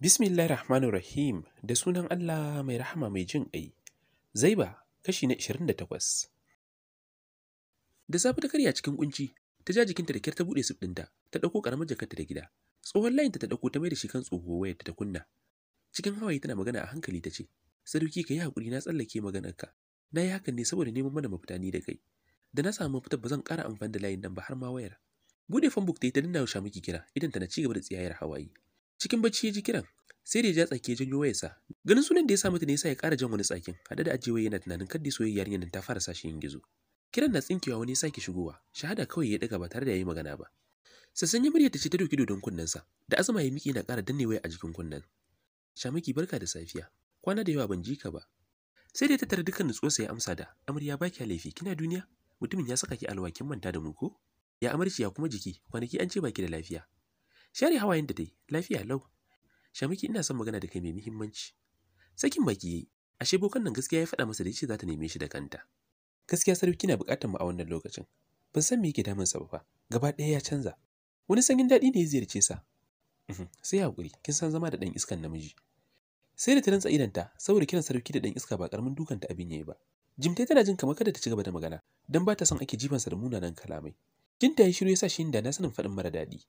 Bismillahir Rahmanir Rahim da sunan Allah mai rahama mai jin ƙai. Zaiba kashi na 28. Da safe ta karya cikin kunci, ta ja jikinta da kyar ta buɗe sif ɗinta, ta ɗauko ƙaramar jakarta da gida. Tsohon layinta ta ɗauko ta mai da shi kan tsoho wayarta ta kunna. Cikin hawaye tana magana a hankali ta ce, Sadauki ka yi haƙuri na tsallake maganarka. Na yi hakan ne saboda neman mana mafita ni da kai. da na samu fitar ba zan ƙara amfani da layin nan ba har ma wayar bude fanbuk ta ta danna sha miki kira idan ta na ci gaba da tsiyayar hawaye cikin bacci ya ji kiran sai da ya ja tsaki ya janyo sa. ganin sunan da ya sa ta ne yasa ya ƙara jan wani tsakin haɗe da ajiyoyi yana tunanin kar da soyayya yarinyar nan ta fara sashi yin gizo kiran na tsinkewa wani sake shigowa shahada kawai ya daga ba tare da yayi magana ba sassan ya murya ta ce ta doki dodon kunnensa da azuma ya miki yana ƙara danne waya a jikin kunnen shamiki barka da safiya kwana da yawa ban ji ka ba sai da ta tattara dukkan nutsuwarsa ya amsa da amarya ba kya laifi kina duniya mutumin ya saka ki alwakin manta da mu ko ya amarci ya kuma jiki kwanaki an ce baki da lafiya share hawayen da dai lafiya lau shamiki ina son magana da kai mai muhimmanci sakin baki yayi ashe bokan nan gaskiya ya faɗa masa da yace za ta neme shi da kanta gaskiya sarki na buƙatar mu a wannan lokacin ban san me yake damun sa ba gaba ɗaya ya canza wani sanyin daɗi ne ya ziyarce sa uhm, sai hakuri kin san zama da ɗan iskan namiji sai da ta rantsa idanta saboda kiran sarki da ɗan iska ba ƙaramin dukanta abin yayi ba Jimtai tana jin kamar kada ta ci gaba da magana, don ba ta son ake jifansa da munanan kalamai. Jinta ya shiru ya sa shi da na sanin faɗin mara daɗi.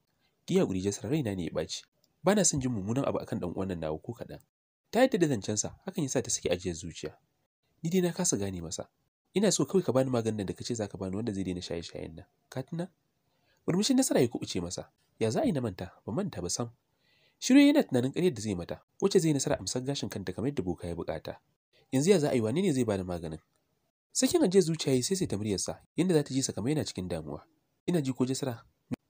Ki haƙuri jasar raina ne ya ɓaci. Ba na son jin mummunan abu akan ɗan uwan nawa ko kaɗan. Ta yadda da zancensa, hakan ya sa ta saki ajiyar zuciya. Ni dai na kasa gane masa. Ina so kawai ka bani maganin da ka ce za ka bani wanda zai daina shaye-shayen nan. Ka tuna? Murmushin nasara ya kuɓuce masa. Ya za a yi na manta? Ba manta ba sam. Shiru yana tunanin ƙaryar da zai mata, wacce zai nasara amsar gashin kanta kamar yadda boka ya buƙata. Yanzu ya za a yi wane ne zai bani maganin? Sakin aje zuciya yi sai sai ta muryarsa, yadda za ta ji sa yana cikin damuwa. Ina ji ko jasara,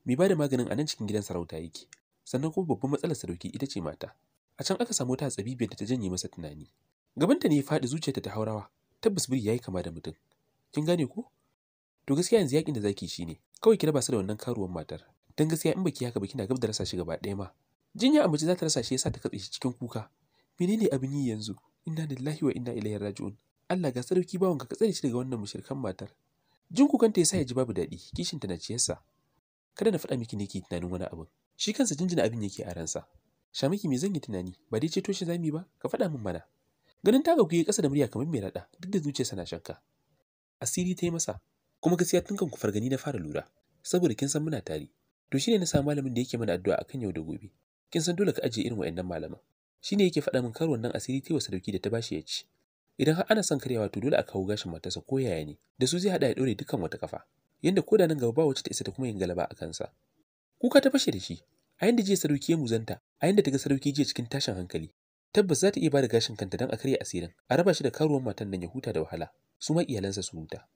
mai bada da maganin a nan cikin gidan sarauta yake. Sannan kuma babban matsalar sadauki ita ce mata. A can aka samu wata tsabibiyar da ta janye masa tunani. Gabanta ne ya faɗi zuciyarta ta haurawa, tabbas biri ya yi kama da mutum. Kin gane ko? To gaskiya yanzu yakin da zaki shi ne, kawai ki raba su da wannan karuwan matar. Dan gaskiya in baki haka ba kina gab da rasa shi gaba ɗaya ma. Jinya amince za ta rasa shi sa ta katse shi cikin kuka. Menene abin yi yanzu? Inna lillahi wa inna ilaihi raji'un. Allah ga sarki bawanka ka tsare shi daga wannan mushirkan matar jin kukanta yasa ya ji babu daɗi kishinta na ciyarsa kada na faɗa miki ne ke tunanin wani abin shi kansa jinjina abin yake a ransa Shamiki me zan yi tunani ba dai ceto shi zami ba ka faɗa min mana ganin taka ta gaguye ƙasa da murya kamar mai raɗa duk da zuciyarsa na shakka asiri ta yi masa kuma gaskiya tun kan ku fargani na fara lura saboda kin san muna tari. to shi ne na sa malamin da yake mana addu'a akan yau da gobe kin san dole ka ajiye irin wayannan malaman shine yake faɗa min karuwan nan asiri ta wasa dauki da ta bashi ya ci idan har ana son karyawa to dole a kawo gashin matarsa ko yaya ne da su zai hada ya dore dukkan wata kafa yanda da nan gaba ba wacce ta isa ta kuma yin galaba a kansa kuka ta fashe da shi a yanda jiya sarauki ya muzanta a yanda ta ga sadauki jiya cikin tashin hankali tabbas za ta iya bada gashin kanta don a karya asirin a raba shi da karuwan matan nan ya huta da wahala su ma iyalansa su huta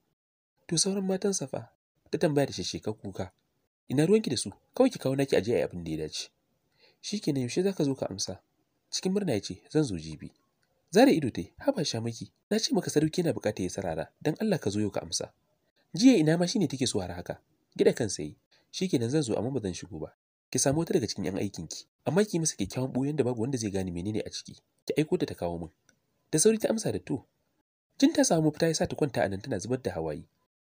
to sauran matan safa ta tambaya da shishekar kuka ina ruwan ki da su kawai ki kawo naki je a abin da ya dace kenan yaushe za ka zo ka amsa cikin murna ya ce zan zo jibi Zara ido tai, haba sha miki na ce maka sadauki yana bukata ya sarara, dan Allah ka zo yau ka amsa. Jiya ina ma shine take so har haka. Gida kansa yi. Shikenan zan zo amma ba zan shigo ba. Ki samu wata daga cikin yan aikin ki, amma ki masa kyakkyawan boyen da babu wanda zai gane menene a ciki. Ki aiko ta ta kawo min. Da sauri ta amsa da to. Jin ta samu fita ya sa ta kwanta a nan tana zubar da hawaye.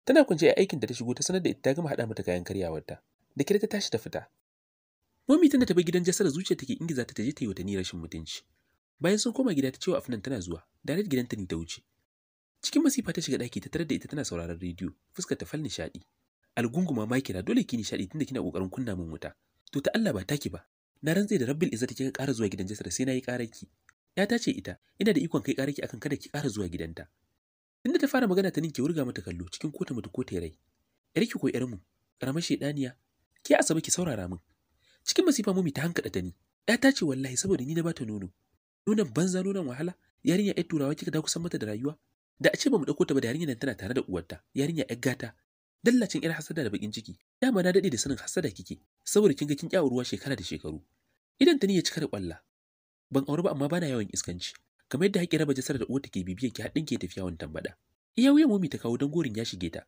Tana kwance a aikin da ta shigo ta sanar da ita ta gama haɗa mata kayan ta. Da kira ta tashi ta fita. Mami tana tafi gidan jasar zuciya take ingiza ta taje ta yi wata ni rashin mutunci. Bayan sun koma gida ta cewa Afnan tana zuwa, Danet gidanta ne ta wuce. Cikin masifa ta shiga ɗaki ta tarar da ita tana sauraron rediyo, fuskar ta fal nishaɗi. Algunguma ma kira dole ki nishaɗi tunda kina ƙoƙarin kunna min wuta. To ta Allah ba taki ba. Na rantse da Rabbil Izzati kika ƙara zuwa gidan Jasar sai na yi ƙararki. Ya ta ce ita, ina da ikon kai ƙararki akan kada ki ƙara zuwa gidanta. Tunda ta fara magana ta ninke wurga mata kallo cikin kota mutu ko rai. Yarki ko yarmu, karamar shedaniya, ke asabe ki saurara min. Cikin masifa mumi ta hankada ta ni. Ya ta ce wallahi saboda ni na bata nono. nunan banza nunan wahala yarinya yar turawa kika da kusan mata da rayuwa da a ce ba mu dauko ta ba da yarinya nan tana tare da uwarta yarinya ya gata dallacin yar hasada da bakin ciki ma na dade da sanin hasada kike saboda kin ga kin kyawu ruwa shekara da shekaru idan ta ne ya cika da kwalla ban aure ba amma bana yawan iskanci kamar yadda haƙi raba jasar da uwarta ke bibiyar ki haɗin ke tafiya wani tambada iya wuyan mumi ta kawo dangorin ya shige ta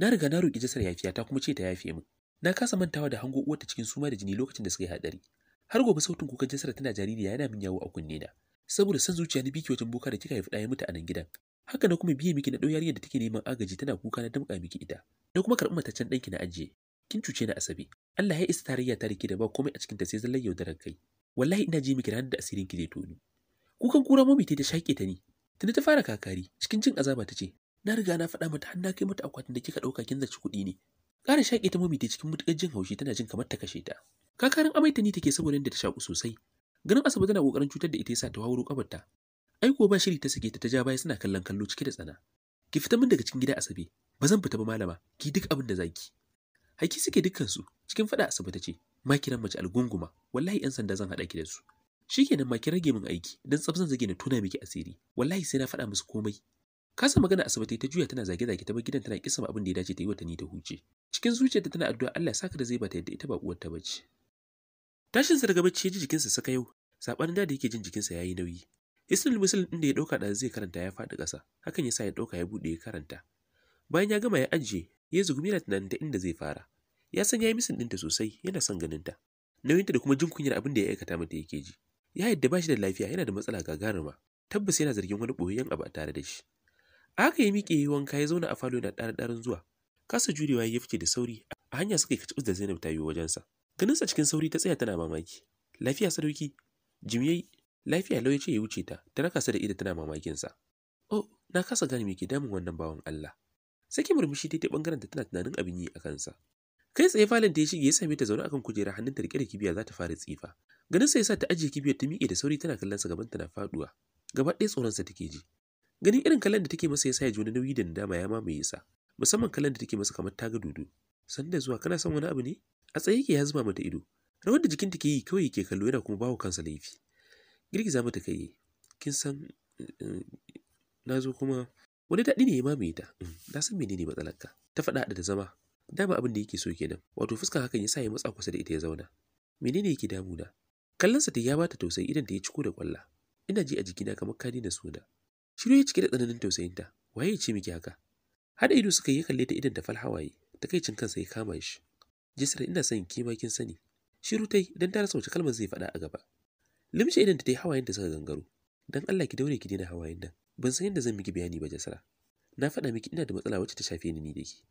na riga na roƙi jasar yafiya ta kuma ce ta yafe mu. na kasa mantawa da hango uwarta cikin suma da jini lokacin da suka yi haɗari har gobe sautin kukan jinsar tana jaririya yana min yawo a kunne na saboda san zuciya ni biki wajen boka da kika haifi ɗaya mutu a nan gidan haka na kuma biye miki na ɗau yariyar da take neman agaji tana kuka na damƙa miki ita na kuma karɓi mataccen ɗanki na ajiye kin cuce na asabe Allah ya isa tarayya ta rike da ba komai a cikin ta sai zallar yaudarar kai wallahi ina ji miki ranar da asirin ki zai toni kukan kura mami ta shaƙe ta ni tunda ta fara kakari cikin jin azaba ta ce na riga na faɗa mata har na kai mata akwatin da kika ɗauka kin zaci kuɗi ne ƙara shaƙe ta mami ta cikin matuƙar jin haushi tana jin kamar ta kashe ta kakarin amai ta ni take saboda yadda ta shaƙu sosai ganin asabe tana ƙoƙarin cutar da ita yasa ta hauro ƙafarta ai ko ba shiri ta sake ta ta ja baya suna kallon kallo cike da tsana ki fita min daga cikin gida asabe ba zan fita ba malama ki duk abin da zaki haki suke dukkansu cikin faɗa asabe ta ce ma kiran mace algunguma wallahi yan sanda zan haɗa ki da su shikenan ma ki rage min aiki dan tsaf zan zage na tuna miki asiri wallahi sai na faɗa musu komai Kasa magana asibiti ta juya tana zage-zage ta bar gidan tana kisa abin da ya dace ta yi wa tani ta huce. Cikin zuciyarta tana addu'a Allah saka da zai bata yadda ita ba uwar ta bace. Tashin sa daga bacci ya ji jikinsa saka yau, sabanin da yake jin jikinsa yayi nauyi. Isnul Muslim din da ya dauka da zai karanta ya faɗi ƙasa, hakan ya sa ya dauka ya bude ya karanta. Bayan ya gama ya ajiye, ya zugumi na tunanin da inda zai fara. Ya san yayi misin ɗinta sosai, yana son ganin ta. Nauyinta da kuma jin kunyar abin da ya aikata mata yake ji. Ya yadda ba shi da lafiya yana da matsala gagaruma. Tabbas yana zargin wani ɓoyayyen abu a tare da shi. Haka ya miƙe wanka ya zauna a falo na ɗarɗarin zuwa. Kasa jurewa ya fice da sauri a hanya suka kaci da Zainab ta yi wajensa. Ganinsa cikin sauri ta tsaya tana mamaki. Lafiya sadauki. Jimiyayi? lafiya lau ya ce ya wuce ta ta raka sa da ita tana mamakinsa. Oh, na kasa gane me ke damun wannan bawan Allah. Saki murmushi ta bangaren ta tana tunanin abin yi a kansa. Kai tsaye falon ta ya shige ya same ta zaune akan kujera hannunta rike da kibiya za ta fara tsifa. Ganin sa ya sa ta ajiye kibiyar ta miƙe da sauri tana kallon sa gaban tana Gaba ɗaya tsoron sa take ji. Ganin irin kalan da take masa ya sa ya ji wani nauyi da nadama ya mamaye sa, musamman kalan da take masa kamar ta ga dodo. Sanda zuwa kana son wani abu ne? A tsaye yake ya zuba mata ido. Rawar da jikinta ke yi kawai yake kallo yana kuma bawa kansa laifi. Girgiza mata kai. Kin san eh, na zo kuma wani daɗi ne ya mamaye ta. Mm, na san menene matsalarka. Ta faɗa da zama. Dama abin da yake so kenan. Wato fuskar hakan ya sa ya matsa kusa da ita ya zauna. Menene yake damuna? Kallonsa ta ya bata tausayi idan ta ya ciko da kwalla. Ina ji a jikina kamar kani da suna. Shiru ya cike da tsananin tausayinta. Waye ya ce miki haka? Hada ido suka yi kalle ta idan ta kai cin kansa ya kama shi. Jisra ina son ki ma kin sani. Shiru tai dan ta rasa wace kalmar zai faɗa a gaba. Limshe idan ta tai hawayen da suka gangaro. Dan Allah ki daure ki daina hawayen nan. Ban san yadda zan miki bayani ba Jisra. Na faɗa miki ina da matsala wacce ta shafe ni ni da ki.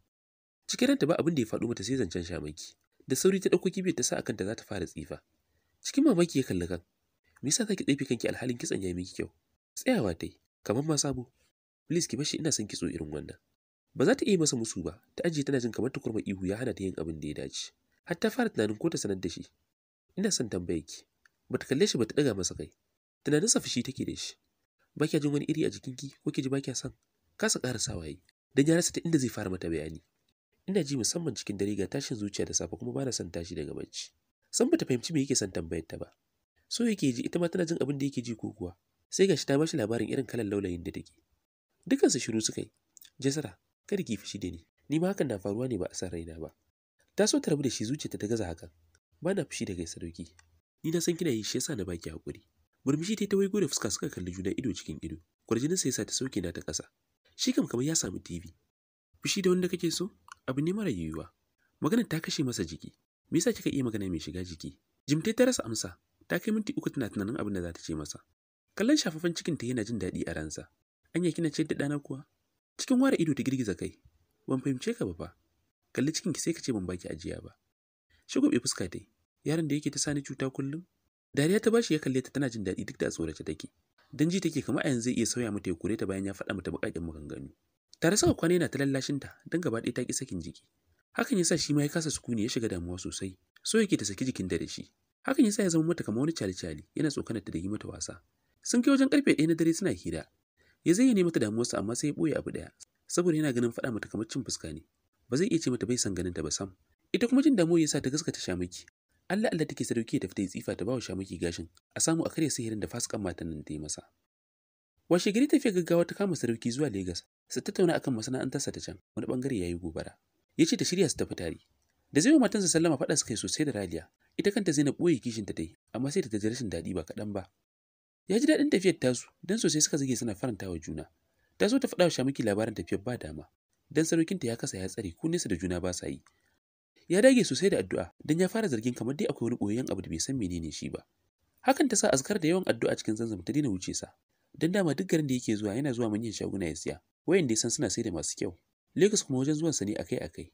Cikin ranta ba abin da ya faɗo mata sai zancen miki Da sauri ta ɗauko kibiyar ta sa akan ta za ta fara tsifa. Cikin mamaki ya kalli kan. Me yasa zaki tsefe kanki alhalin kitsan ya miki kyau? Tsayawa tai. Kamar ma sabo, please ki bashi ina son kitso irin wannan. Ba za ta iya masa musu ba, ta ajiye tana jin kamar tukurma ihu ya hana ta yin abin da ya dace. Har ta fara tunanin ko ta sanar da shi. Ina son tambaye ki. Bata kalle shi bata ɗaga masa kai. Tunanin Tunaninsa fushi take da shi. Ba kya jin wani iri a jikinki ko ki ji ba kya son? Kasa sawa waye. Dan ya rasa ta inda zai fara mata bayani. Ina ji musamman cikin dare ga tashin zuciya da safe kuma ba na son tashi daga bacci. San bata fahimci me yake son tambayar ta ba. So yake ji ita ma tana jin abin da yake ji ko kuwa. sai gashi ta bashi labarin irin kalan laulayin da take dukansu shiru suka yi jasara kada ki fushi da ni ni ma hakan na faruwa ne ba a san raina ba ta so ta rabu da shi zuciyarta ta gaza hakan ba na fushi daga gaisa ni na san kina yi shi yasa na baki hakuri murmushi ta ta waigo da fuska suka kalli juna ido cikin ido kwarjinin sa yasa ta sauke na ta kasa shi kam kamar ya samu TV fushi da wanda kake so abu ne mara yiwuwa maganar ta kashe masa jiki me yasa kika iya magana mai shiga jiki jimtai ta rasa amsa ta kai minti uku tana tunanin abin da za ta ce masa kallon cikin cikinta yana jin daɗi a ransa an yi kina ce da ɗana kuwa cikin ware ido ta girgiza kai ban fahimce ka ba fa kalli cikin ki sai ka ce ban baki ajiya ba shugab ya fuska dai yaron da yake ta sani cuta kullum dariya ta bashi ya kalle ta tana jin daɗi duk da a tsorace take dan ji take kamar a yanzu zai iya sauya mata ya kore ta bayan ya faɗa mata buƙaƙen maganganu tare saka kwana yana ta lallashin ta dan gaba ɗaya ta ki sakin jiki hakan yasa shi ma ya kasa sukuni ya shiga damuwa sosai so yake ta saki jikin da da shi hakan yasa ya zama mata kamar wani cali-cali yana tsokanar ta da yi mata wasa sun kai wajen karfe ɗaya na dare suna hira ya zai nemi mata damuwarsa amma sai ya ɓoye abu ɗaya saboda yana ganin faɗa mata kamar cin fuska ne ba zai iya ce mata bai san ganin ta ba sam ita kuma jin ya sa ta gaskata shamaki Allah Allah take sadauki ta fita tsifa ta bawa shamaki gashin a samu a karya sihirin da fasikan matan nan ta yi masa washe gari tafiya gaggawa ta kama sadauki zuwa Legas su tattauna akan masana'antarsa ta can wani bangare yayi gobara ya ce ta shirya su tafi tare da zai wa matansa sallama faɗa su yi sosai da raliya ita kanta zainab ɓoye kishinta ta yi amma sai ta ji rashin daɗi ba kaɗan ba ya ji daɗin tafiyar tasu don sosai suka zage suna faranta wa juna ta zo ta faɗa wa shamaki labarin tafiyar ba dama don sarokinta ya kasa ya tsare ko nesa da juna ba sa yi ya dage sosai da addu'a don ya fara zargin kamar dai akwai wani ɓoyayyen abu da bai san menene shi ba hakan ta sa askar da yawan addu'a cikin zanzam ta daina wuce sa don dama duk garin da yake zuwa yana zuwa manyan shaguna ya siya wayan da san suna sai da masu kyau Lagos kuma wajen zuwan sa ne akai-akai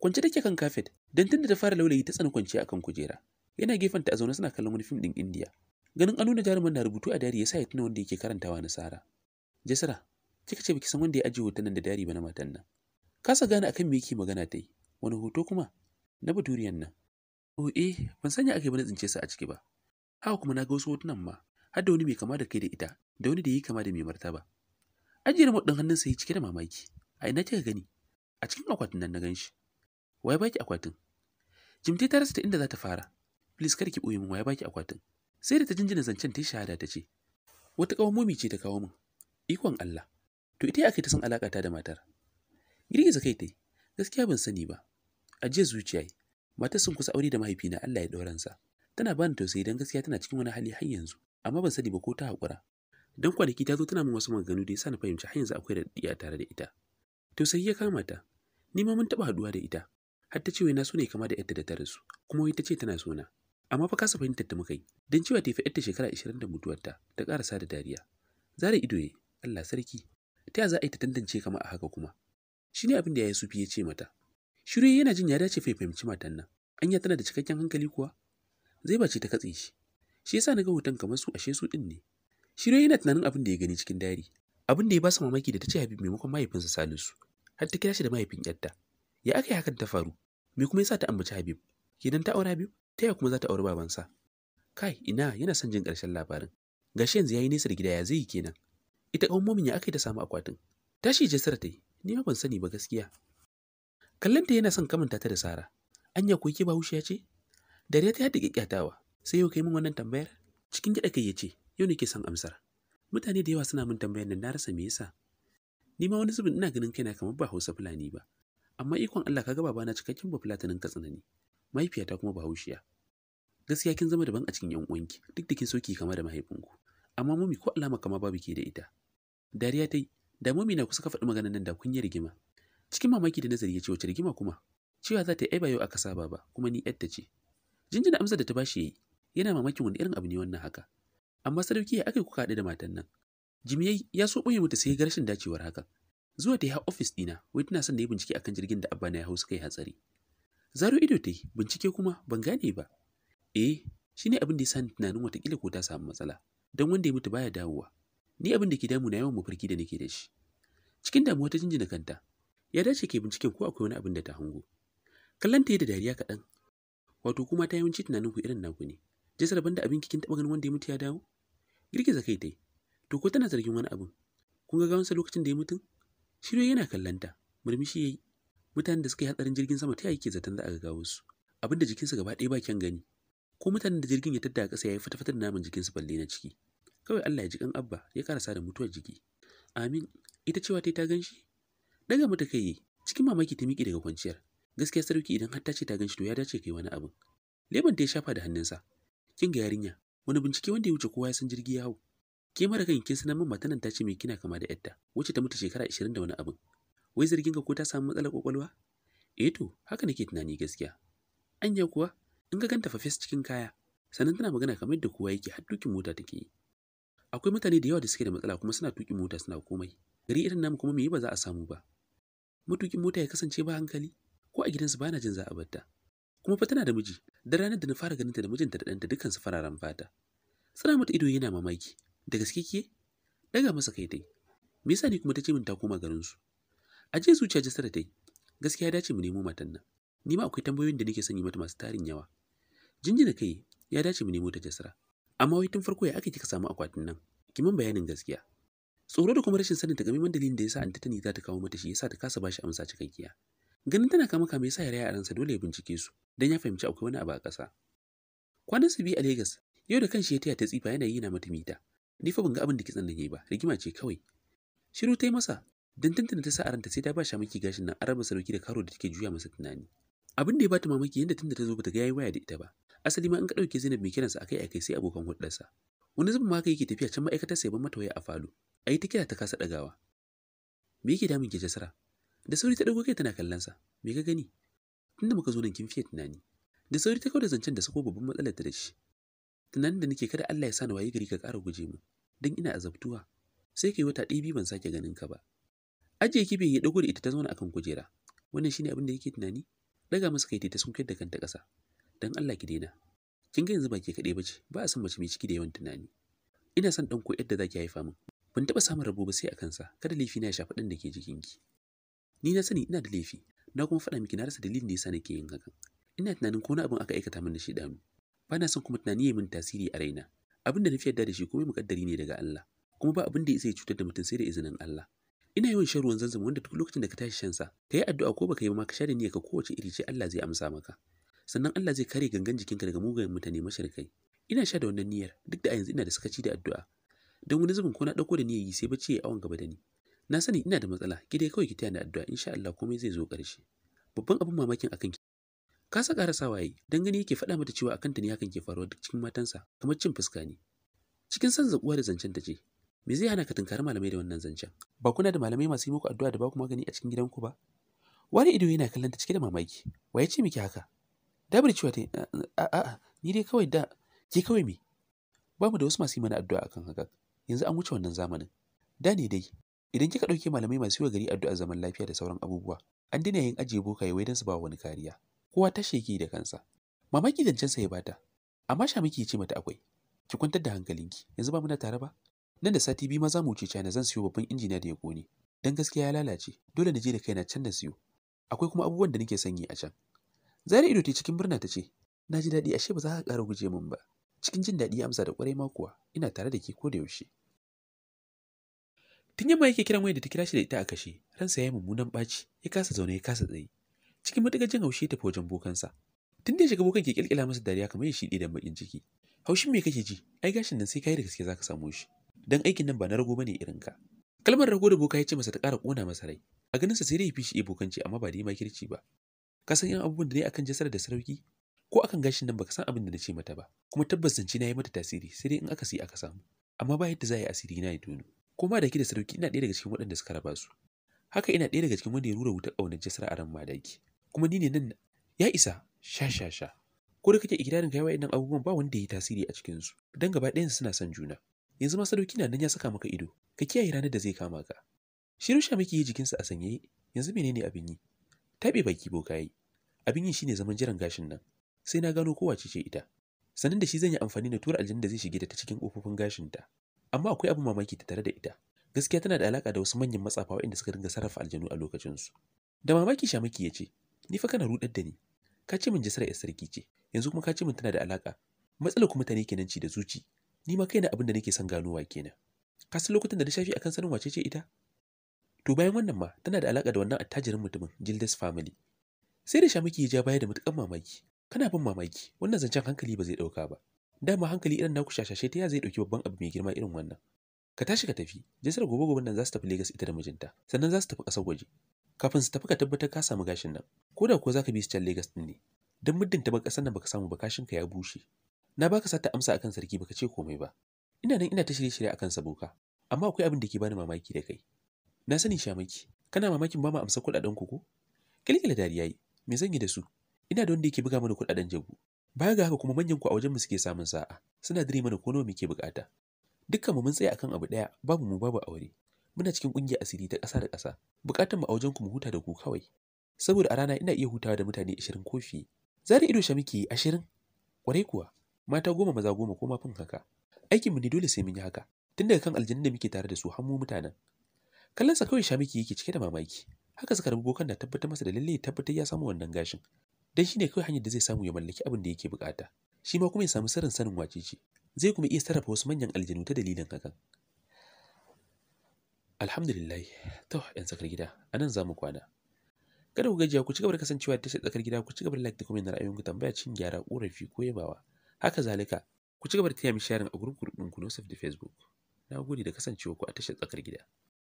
kwance take kan kafet don tun da ta fara laulayi ta tsana kwanciya akan kujera yana gefen ta a zaune suna kallon wani fim din indiya Ganin an nuna jarumin na rubutu a dari ya sa ya tuna wanda yake karantawa na Sara. Jasira, kika ce biki san wanda ya hoton nan da dari ba na matan nan. Kasa gane akan me yake magana ta yi, wani hoto kuma na Baturiyan nan. Oh eh, ban sanya aka yi na tsince su a ciki ba. Haka kuma na ga wasu hotunan ma, har da wani mai kama da kai da ita, da wani da yi kama da mai martaba. Ajiyar mu ɗin hannunsa ya cike da mamaki. A ina kika gani? A cikin akwatin nan na gan shi. Wai baki akwatin? Jimti ta rasa ta inda za ta fara. Please kar ki ɓoye min wai baki akwatin. sai da ta jinjina zancen ta shahada ta ce wata kawo ce ta kawo min ikon Allah to ita aka ta san alaka ta da matar girgiza kai tai gaskiya ban sani ba a jiya zuciya matar sun kusa aure da mahaifina Allah ya dauransa. sa tana bani tausayi dan gaskiya tana cikin wani hali har yanzu amma ban sani ba ko ta hakura dan kwanaki ta zo tana min wasu maganganu da yasa na fahimci har yanzu akwai da tare da ita tausayi ya kama ta ni ma mun taba haduwa da ita har ta ce wai na so ne kama da yadda da ta rasu kuma wai ta ce tana so Amma fa kasa fahimtar da muka yi, don cewa ta tafi yadda shekara ashirin da mutuwarta ta ƙarasa da dariya. Zara ido ya Allah sarki, ta ya za a yi ta tantance kama a haka kuma? Shi ne abin da ya yi sufi ya ce mata. Shiru yana jin ya dace fahimci matan nan, anya tana da cikakken hankali kuwa? Zai bace ta katse shi. Shi yasa na ga hoton kamar su ashe su ɗin ne. Shiru yana tunanin abin da ya gani cikin dari. Abin da ya ba sa mamaki da ta ce Habib maimakon mahaifinsa Salisu, har ta kira shi da mahaifin yarta. Ya aka yi hakan ta faru? Me kuma yasa ta ambaci Habib? Kenan ta aure Habib? ta yaya kuma za ta auri babansa kai ina yana son jin ƙarshen labarin gashi yanzu yayi nesa da gida ya zai kenan ita ƙawon momin ya aka yi ta samu akwatin tashi je sara ta yi ni ma ban sani ba gaskiya kallanta yana son kamanta ta da sara anya ko ke ba ya ce Dare ta yadda kyakkyatawa sai yau kai min wannan tambayar cikin gida kai ya ce yau nake son amsar mutane da yawa suna min tambayar nan na rasa me yasa ni ma wani zubin ina ganin kaina kamar ba Hausa Fulani ba amma ikon Allah kaga babana cikakken ba fulatanin Katsina tsanani mahaifiyata kuma bahaushiya gaskiya kin zama daban a cikin yan uwanki duk da kin soki kama da mahaifinku amma mami ko alama kama babu ke da ita dariya tai da mami na kusa ka faɗi maganar nan da kun yi rigima cikin mamaki da nazari ya ce wace rigima kuma cewa za ta yi aiba yau aka saba ba kuma ni yadda ce jinjina amsa da ta bashi yi, yana mamakin wani irin abu ne wannan haka amma sadauki ya yi kuka haɗu da matan nan jimiyai ya so ɓoye mata sai ga rashin dacewar haka zuwa ta yi ha ofis ɗina wai tana son da yi bincike akan jirgin da abba na ya hau suka yi hatsari Zaro ido ta yi, bincike kuma ban gane ba. Eh, shi ne abin da ya sa tunanin watakila ko ta samu matsala, don wanda ya mutu baya dawowa. Ni abin da ke damu na yawan mafarki da nake da shi. Cikin damuwa ta jinjina kanta, ya dace ke binciken ko akwai wani abin da ta hango. Kallon ta yi da dariya kaɗan, wato kuma ta yawanci tunanin ku irin naku ne. Jisar banda abin kikin taɓa ganin wanda ya mutu ya dawo? Girgiza kai ta yi, to ko tana zargin wani abin? Kun ga gawansa lokacin da ya mutu? Shiryo yana kallon ta, murmushi ya yi. mutanen da suka yi hatsarin jirgin sama ta yi ke zaton da aka gawo su abin da jikinsu gaba ɗaya ba kyan gani ko mutanen da jirgin ya tadda a ƙasa ya yi fatafatar da naman jikinsu balle na ciki kawai Allah ya ji kan abba ya karasa da mutuwar jiki amin ita cewa ta gan shi daga mata kai cikin mamaki ta miƙe daga kwanciyar gaskiya sarki idan har ta ce ta gan shi to ya dace kai wani abin leban ta ya shafa da hannunsa kin ga yarinya wani bincike wanda ya wuce kowa ya san jirgi ya hau ke mara kan kin sanar min matanan ta ce mai kina kama da yadda wacce ta mutu shekara 20 da wani abin wai zargin ka ko ta samu matsalar kwakwalwa eh to haka nake tunani gaskiya anya kuwa in ka ganta fafes cikin kaya sannan tana magana kamar da kowa yake har tukin mota take yi akwai mutane da yawa da suke da matsala kuma suna tuki mota suna komai gari irin namu kuma me ba za a samu ba matukin mota ya kasance ba hankali ko a gidansu bana jin za a barta kuma fa tana da miji da ranar da na fara ganinta da mijinta da ɗanta dukansu fararen fata Tsara mata ido yana mamaki da gaske ke daga masa kai dai me yasa ni kuma ta ce min ta koma garinsu ajiye zuciya jasara ta yi gaskiya dace mu nemo matan nan ni ma akwai tambayoyin da nake son yi mata masu tarin yawa jinjina kai ya dace mu nemo ta jasara amma wai tun farko ya aka kika samu akwatin nan kiman bayanin gaskiya tsoro da kuma rashin sanin takamaiman dalilin da yasa antatani za ta kawo mata shi yasa ta kasa bashi amsa cikakkiya ganin tana kama kama yasa ya raya a ransa dole ya bincike su dan ya fahimci akwai wani abu a ƙasa kwanan su biyu a Legas yau da kanshi ya taya ta tsifa yana yi na mata mita ni fa ban ga abin da ke nan ba rigima ce kawai shiru ta yi masa dan tantana ta sa ranta sai ta ba mamaki gashin nan araba sarauki da karo da take juya masa tunani abin da ya bata mamaki yadda tunda ta zo bata ga yayi waya da ita ba asali ma in ka dauke Zainab mai kiransa akai akai sai abokan hudarsa wani zubin ma kai yake tafiya can ma'aikatar sai ban mata waya a falo ai ta kira ta kasa dagawa me yake damun ke jasara da sauri ta dago kai tana kallon sa me ka gani tunda muka zo nan kin fiye tunani da sauri ta kauda zancen da sako babban matsalar ta da shi tunanin da nake kada Allah ya sa waye gari ka kara guje mu dan ina azabtuwa sai kai wata ɗaya ban sake ganin ka ba ajiye kibin ya dago da ita ta zauna akan kujera wannan shine abin da yake tunani daga masa kai ta sunkar da kanta ƙasa dan Allah ki daina kin ga yanzu ba ke kaɗai bace ba a san mace mai ciki da yawan tunani ina son ɗan koyar da ki haifa min ban taɓa samun rabo ba sai a kansa kada laifi na ya shafi ɗan da ke jikinki ni na sani ina da laifi na kuma faɗa miki na rasa dalilin da yasa nake yin hakan ina tunanin ko na abin aka aikata min da shi dami ba na son kuma tunani ya min tasiri a raina abin da na fi yarda da shi komai muƙaddari ne daga Allah kuma ba abin da ya cutar da mutum sai da izinin Allah ina yawan shan ruwan zanzama wanda duk lokacin da ka tashi shan sa ka yi addu'a ko baka yi ma ka share da niyya ka kowace iri ce Allah zai amsa maka sannan Allah zai kare gangan jikinka daga mugayen mutane mashirkai ina sha da wannan niyyar duk da a yanzu ina da sakaci da addu'a don wani zubin ko na dauko da niyyar yi sai bacci ya awon gaba da ni na sani ina da matsala ki dai kawai ki taya ni addu'a insha Allah komai zai zo ƙarshe babban abin mamakin akan ki ka sa ƙara sa waye dan gani yake faɗa mata cewa akan ta ne hakan ke faruwa duk cikin matansa kamar cin fuska ne cikin san zakuwa da zancen ta ce me zai hana ka tunkari malamai da wannan zancen ba kuna da malamai masu yi muku addu'a da ba ku magani a cikin gidanku ba wani ido yana kallon ta cike da mamaki wa ya ce miki haka dabar cewa ta a'a ni dai kawai da ke kawai me ba mu da wasu masu yi mana addu'a akan haka yanzu an wuce wannan zamanin da ne dai idan kika ɗauke malamai masu yi gari addu'a zaman lafiya da sauran abubuwa an daina yin ajiye bokaye wai don su ba wani kariya kowa ta sheke da kansa mamaki zancen sa ya bata amma sha ya ce mata akwai ki kwantar da hankalinki yanzu ba muna tare ba nan da sati biyu ma za mu wuce China zan siyo babban injina da ya kone dan gaskiya ya lalace dole na je da kaina can da siyo akwai kuma abubuwan da nake sanyi a can zari ido ta cikin murna ta ce na ji daɗi ashe ba za ka ƙara guje min ba cikin jin daɗi amsa da ƙwarai makuwa, ina tare da ke ko da yaushe tun yamma yake kiran wayar da ta kira shi da ita a kashe ransa ya yi mummunan ɓaci ya kasa zaune ya kasa tsaye cikin matuƙar jin haushi ya tafi wajen bokansa tun da ya shiga bokan ke ƙilƙila masa dariya kamar ya shiɗe da baƙin ciki haushin me kake ji ai gashin nan sai kai da gaske ka samu shi don aikin nan ba na rago bane irin ka kalmar rago da boka ya ce masa ta ƙara ƙona masa rai a ganin sa sai dai ya fishi ibokanci amma ba dai makirci ba ka san yan abubuwan da dai akan jasar da sarauki ko akan gashin nan baka san abin da nace mata ba kuma tabbas zance na yi mata tasiri sai dai in aka siya aka samu amma ba yadda za a yi asiri na ya tono ko ma da ke da sarauki ina ɗaya daga cikin waɗanda suka raba su haka ina ɗaya daga cikin wanda ya rura wutar ƙaunar jasar a ran madaki kuma ni ne nan ya isa sha sha sha ko da kake ikirarin kai wa'annan abubuwan ba wanda ya yi tasiri a cikin su dan gaba ɗayan suna son juna yanzu ma sadauki na nan ya saka maka ido ka kiyaye ranar da zai kama ka shi rusha miki yi jikinsa a sanye yanzu menene abin yi taɓe baki boka yi abin yi shine zaman jiran gashin nan sai na gano kowa ce ita sanin da shi zan yi amfani da tura aljin da zai shige ta cikin ƙofofin gashin ta amma akwai abin mamaki ta tare da ita gaskiya tana da alaka da wasu manyan matsafa waɗanda suka dinga sarrafa aljanu a lokacinsu da mamaki shamaki ya ce ni fa kana rudar da ni ka ce min jisar yar sarki ce yanzu kuma ka ce min tana da alaka matsalar kuma ta ne kenan ci da zuci ni ma kaina abin da nake son ganowa kenan ka san lokutan da na shafi akan sanin wace ce ita to bayan wannan ma tana da alaka da wannan attajirin mutumin Gildas family sai da shamuki ya ja baya da mutukan mamaki kana bin mamaki wannan zancen hankali ba zai dauka ba dama hankali irin naku shashashe ta ya zai dauki babban abu mai girma irin wannan ka tashi ka tafi jasar gobe gobe nan za su tafi Lagos ita da mijinta sannan za su tafi kasar waje kafin su tafi ka tabbatar ka samu gashin nan ko da ko zaka bi su can Lagos din ne dan muddin ta ba kasar nan baka samu ba kashin ka ya bushe Na baka sata amsa akan sarki baka ce komai ba. Ina nan ina ta shirye-shirye akan saboka, amma akwai abin da ke bani mamaki da kai. Na sani shamaki, kana mamakin ba mu amsa kuɗaɗen ku ko? Kilkila dariya yi, me zan yi da su? Ina da wanda yake buga mana kuɗaɗen jagu. Baya ga haka kuma manyan ku a wajen mu suke samun sa'a, suna dire mana ko nawa muke bukata. Dukkan mu mun tsaya akan abu ɗaya, babu mu babu aure. Muna cikin kungiya asiri ta ƙasa da ƙasa. bukatun mu a wajen ku mu huta da ku kawai. Saboda a rana ina iya hutawa da mutane 20 kofi. Zari ido shamiki 20. Kwarai kuwa. mata goma maza goma ko ma fin haka mu ne dole sai mun yi haka tun daga kan aljanun da muke tare da su mu mutanen kallansa kawai shamiki yake cike da mamaki haka suka rubu bokan da tabbatar masa da lalle tabbatar ya samu wannan gashin dan shine kawai hanyar da zai samu ya mallaki abin da yake bukata shi ma kuma ya samu sirrin sanin wace ce zai kuma iya sarrafa wasu manyan aljanu ta dalilin hakan alhamdulillah to yan tsakar gida anan zamu kwana kada ku gajiya ku cigaba da kasancewa da tashar tsakar gida ku cigaba da like da comment da ra'ayoyinku tambaya cin gyara korafi ko yabawa Haka zalika, ku ci gaba da taya mu sharing a group group ɗinku na da Facebook. Na gode da kasancewa ku a tashar tsakar gida.